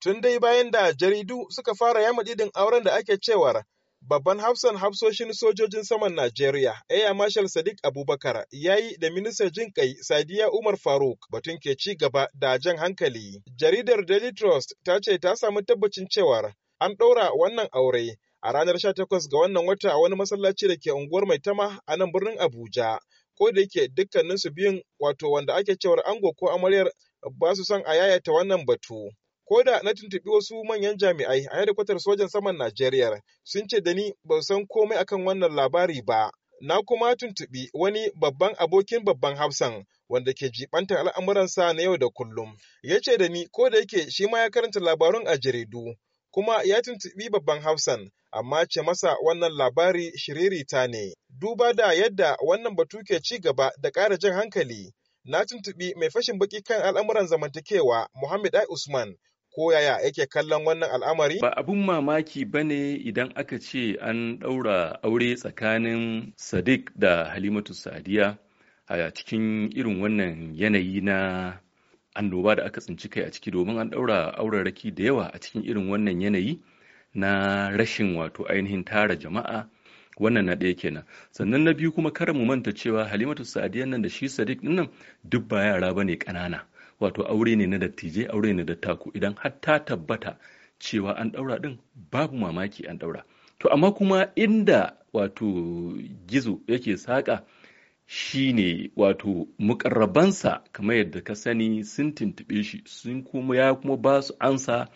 tun dai bayan da jaridu suka fara yama didin auren da ake cewar babban hafsan hafsoshin sojojin saman Najeriya, Air Marshal Sadiq Abubakar, ya yi da ministan jin kai Sadiya Umar Faruk batun ke ci gaba da jan hankali. Jaridar Daily Trust ta ce ta samu tabbacin cewar an ɗaura wannan aure a ranar 18 ga wannan wata a wani masallaci da ke unguwar mai tama a nan birnin Abuja. Ko da yake dukkaninsu biyun wato wanda ake cewar ango ko amaryar ba su son a yayata wannan batu. ko da na tuntuɓi wasu manyan jami'ai a kwatar sojan saman Najeriya sun ce da ni ba san komai akan wannan labari ba. Na kuma tuntuɓi wani babban abokin babban hafsan wanda ke jibantar al'amuransa na yau da kullum. Ya ce da ni ko da yake shi ma ya karanta labarun a jaridu kuma ya tuntuɓi babban hafsan amma ce masa wannan labari shiririta ne. Duba da yadda wannan batu ke ci gaba da ƙara jan hankali. na tuntuɓi mai fashin baƙi kan al'amuran zamantakewa Muhammad Ai Usman ko yaya yake kallon wannan al'amari? Ba abin mamaki ba ne idan aka ce an ɗaura aure tsakanin Sadiq da Halimatu Sadiya a cikin irin wannan yanayi na annoba da aka tsinci kai a ciki domin an ɗaura raki da yawa a cikin irin wannan yanayi na rashin wato ainihin tara jama'a wannan na ɗaya kenan sannan na biyu kuma kar mu manta cewa halimatu sadiyan nan da shi sadiq nan duk ba yara bane ƙanana wato aure ne na dattijai aure ne na taku, idan har ta tabbata cewa an ɗaura ɗin babu mamaki an ɗaura to amma kuma inda wato gizo yake saƙa shine wato mukarrabansa kamar yadda ka sani sun tuntuɓe shi sun kuma ya kuma ba su ansa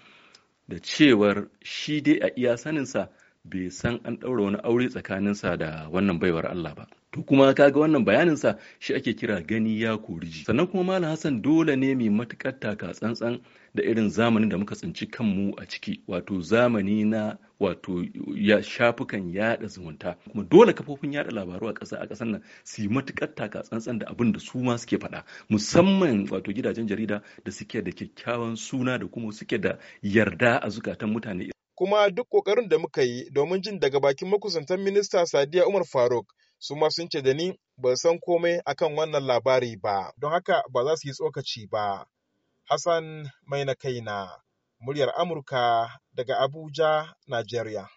da cewar shi dai a iya saninsa bai san an ɗaura wani aure tsakaninsa da wannan baiwar Allah ba to kuma kaga wannan bayanin sa shi ake kira gani ya koriji sannan kuma malam hassan dole ne mai matukar taka tsantsan da irin zamanin da muka tsinci kanmu a ciki wato zamani na wato ya shafukan yada zumunta kuma dole kafofin yada labaru a ƙasa a ƙasar nan su yi matukar taka tsantsan da abin da su ma suke faɗa musamman wato gidajen jarida da suke da kyakkyawan suna da kuma suke da yarda a zukatan mutane kuma duk ƙoƙarin da muka yi domin jin daga bakin makusantan minista sadiya umar faruk su ma sun ce da ni ba san komai akan wannan labari ba don haka ba za su yi tsokaci ba hassan mai na kaina muryar amurka daga abuja Najeriya.